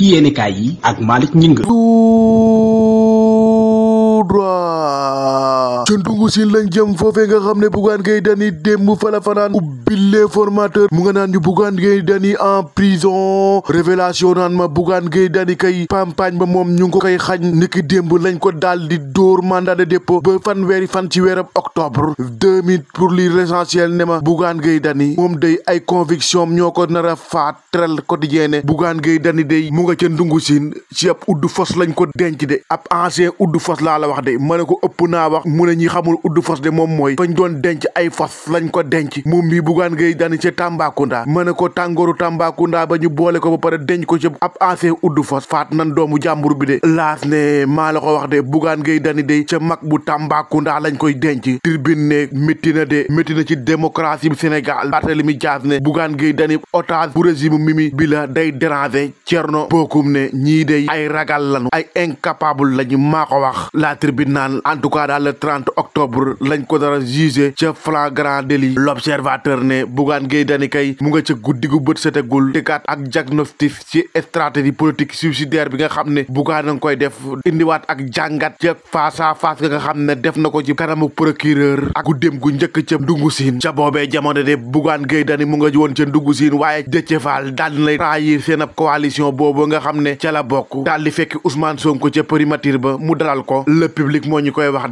ci yéenekaay yi ak Malick Gningue. ca ndungu siin lañ jëm foofee nga xam ne Bougane Gueye Dany démb fa la fanaan ubbilee formateur mu nga naan ñu Bougane Gueye Dany en prison révélation naan ma Bougane Gueye Dany kay campagne ba moom ñu ngi ko koy xañ niki démb lañ ko daal di dóor mandat de dépôt ba fanweeri fan ci weerab octobre 2000 pour li l'essentiel ne ma Bougane Gueye Dany moom day ay conviction ñoo ko nar a faat tral quotidien Bougane Gueye Dany day mu nga ca ndungu siin ci ab udd fos lañ ko denc de ab ancien udd fos laa la wax la ñuy xamul udd fas de moom mooy fañ doon denc ay fas lañ ko denc moom mii Bougane Gueye Dany ca Tambacounda ma ne ko tàngooru Tambacounda ba ñu boole ko ba pare denc ko ci ab ancien udd fas faat nan doomu jàmbur bi de laas ne maa la ko wax de Bougane Gueye Dany de ca mag bu Tambacounda lañ koy denc tribune ne métti na de métti ci démocratie bu Sénégal Barthélémy Dias ne Bougane Gueye Dany otage bu régime Mimi bi la day déranger Thierno Bocoum ne ñii de ay ragal lañu ay incapable lañu maa ko la tribune naan en 30 octobre lañ ko dara jugé ca flagrant délit l'observateur ne Bougane Gueye Dany kay mu nga ca guddi gu bët setegul te kat ak diagnostic ci stratégie politique subsidiaire bi nga xam ne Bougane a ngi koy def indiwaat ak jàngat ca face à face nga xam ne def na ko ci kanamu procureur ak guddéem gu njëkk ca ndungu siin ca boobee jamono de Bougane Gueye Dany mu nga woon ca ndungu siin waaye Déthié Fall daal di lay trahir coalition boobu nga xam ne ca la bokk daal di fekki Ousmane Sonko ca primature ba mu dalal ko le public moo ñu koy wax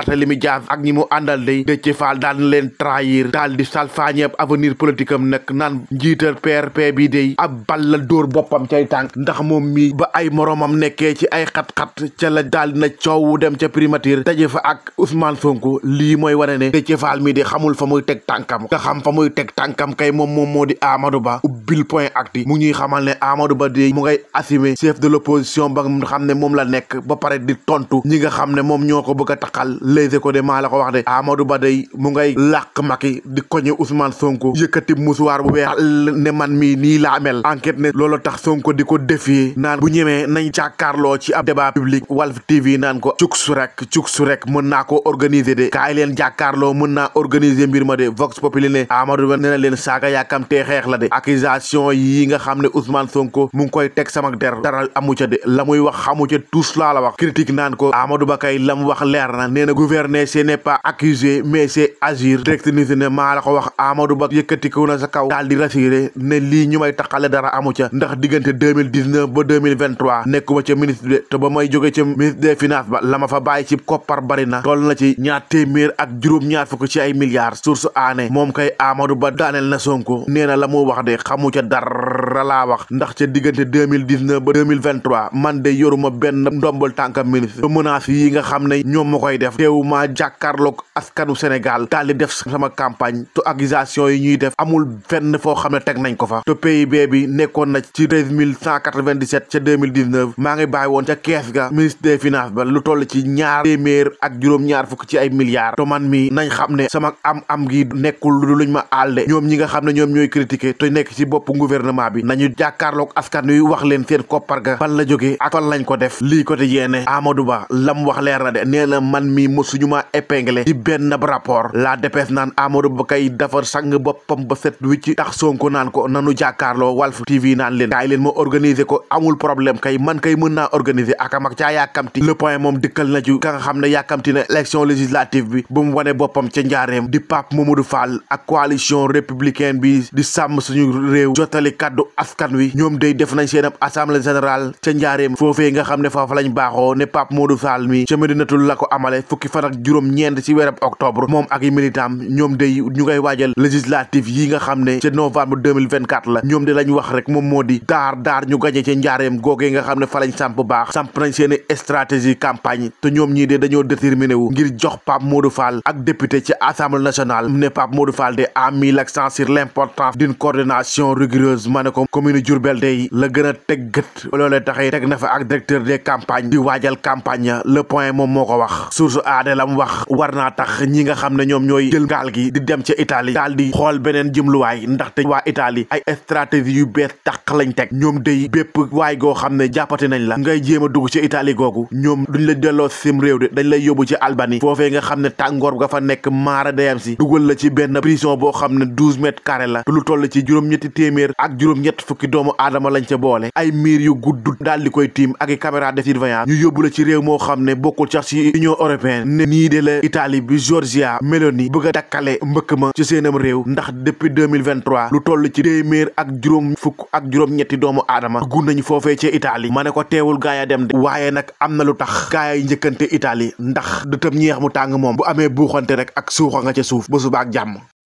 Barthélemy Dias ak ñi mu àndal day Déthié Fall daal na leen trahir daal di salfaañe ab avenir politique am nag naan njiital PRP bi day ab bal la dóor boppam cay tànk ndax moom mii ba ay moroomam nekkee ci ay xat-xat ca la daal dina coow dem ca primature daje fa ak Ousmane Sonko lii mooy wane ne Déthié Fall mi di xamul fa muy teg tànkam nga xam fa muy teg tànkam kay moom moom moo di Amadou Ba ubbil point acti mu ñuy xamal ne Amadou Ba de mu ngay assumer chef de l'opposition ba nga xam ne moom la nekk ba pare di tontu ñi nga xam ne moom ñoo ko bëgg a taqal léegi ko de maa ko wax de Amadou Ba day mu ngay làq Macky di koñe Ousmane Sonko yëkkati musuwaar bu weex ne man mii nii laa mel enquête ne loolu tax Sonko di ko défier naan bu ñemee nañ càkkaarloo ci ab débat public Walf TV naan ko cuk su rek cuk su rek mën naa ko organiser de kaay leen jàkkaarloo mën naa organiser mbir ma de Vox Populi ne Amadou Ba nee na leen saaga yàkkam tee xeex de accusation yi nga xam ne Ousmane Sonko mu ngi koy teg sama der dara amu ca de la muy wax xamu ca tous la wax critique naan ko Amadou gouverner ce n'est pas accuser mais c'est agir direct nit ne maa la ko wax Amadou Ba yëkkatiku na sa kaw daal di rassuré ne lii ñu may taxale dara amu ca ndax diggante 2019 ba 2023 nekkuma ca ministre de te ba may jóge ca ministre des la ma fa bàyyi ci koppar bari na toll na ci ñaar téeméer ak juróom-ñaar fukk ci ay milliards source aané moom kay Amadou Ba daaneel na Sonko nee na la mu wax de xamu ca dara la wax ndax ca diggante 2019 ba 2023 man de yoruma benn ndombal tànkam ministre menace yi nga xam ne ñoom ma koy ñëw maa jàkkaarloog askanu Sénégal daal di def sama campagne te accusation yi ñuy def amul fenn foo xam ne teg nañ ko fa te PIB bi nekkoon na ci treize mille cent quatre-vingt-dix-sept ca deux mille dix-neuf maa ngi bàyyi woon ca kees ga ministre des finances ba lu toll ci ñaar téeméer ak juróom-ñaar fukk ci ay milliards te man mi nañ xam ne sama am am gi nekkul lu luñ ma àlde ñoom ñi nga xam ne ñoom ñooy critiquer to nekk ci bopp gouvernement bi nañu jàkkaarloog askan wi wax leen seen koppar ga fan la jógee ak fan lañ ko def mësuñu maa épinglé ci benn rapport la dépêche naan Amadou Ba kay dafar sang boppam ba set wicc tax Sonko naan ko nanu jàkkaarloo Walf TV naan leen kaay leen ma organiser ko amul problème kay man kay mën naa organiser akam ak caa le point moom dikkal na ci ka xam ne yàkkamti na élection bi ba wane boppam ca njaareem di Pape Mamadou Fall ak coalition républicaine bi di sàmm suñu réew jottali kaddu askan wi ñoom day def nañ seen ab assemblée générale ca njaareem foofee nga xam ne foofu lañ baaxoo ne Pape Mamadou fukki fan ak juróom ñeent ci weerab octobre moom ak yi militam ñoom day ñu ngay waajal législative yi nga xam ne ca novembre 2024 la ñoom de lañ wax rek moom moo di daar daar ñu gañe ca njaareem googee nga xam ne fa lañ samp baax samp nañ seeni stratégie campagne te ñoom ñii de dañoo déterminé wu ngir jox Pape Modou Fall ak député ci assemblée nationale ne Pape Modou Fall de a mis l'accent sur l'importance d'une coordination rigoureuse ma ne ko commune Diourbel day la gën a teg gët loolee taxee teg na fa ak directeur des campagnes di waajal campagne ya le point moom moo ko wax aada lam wax war naa tax ñi nga xam ne ñoom ñooy jël gaal gi di dem ca Italie daal di xool beneen jëmluwaay ndaxte waa Italie ay stratégie yu bees tàq lañ teg ñoom day bépp waay goo xam ne jàppati nañ la ngay jéem a dugg ci Italie googu ñoom duñ la delloo sim réew de dañ lay yóbbu ci Albanie foofee nga xam ne tàngoor ga fa nekk maara dayam si dugal la ci benn prison boo xam ne douze mètres carré la lu toll ci juróom-ñetti téeméer ak juróom-ñett fukki doom aadama lañ ca boole ay miir yu gudd daal di koy tiim ak i caméra de surveillance ñu Marin ne nii de la Italie bi Giorgia Meloni bëgg a takkale mbëkk ma ci seenam réew ndax depuis 2023 lu toll ci téeméer ak juróom fukk ak juróom-ñetti doomu aadama gun nañu foofee ci Italie ma ne ko teewul gaay dem waaye nag am na lu tax gaay yi njëkkante Italie ndax dëtëm ñeex mu tàng moom bu amee buuxante rek ak suuxa nga ca suuf ba suba ak jàmm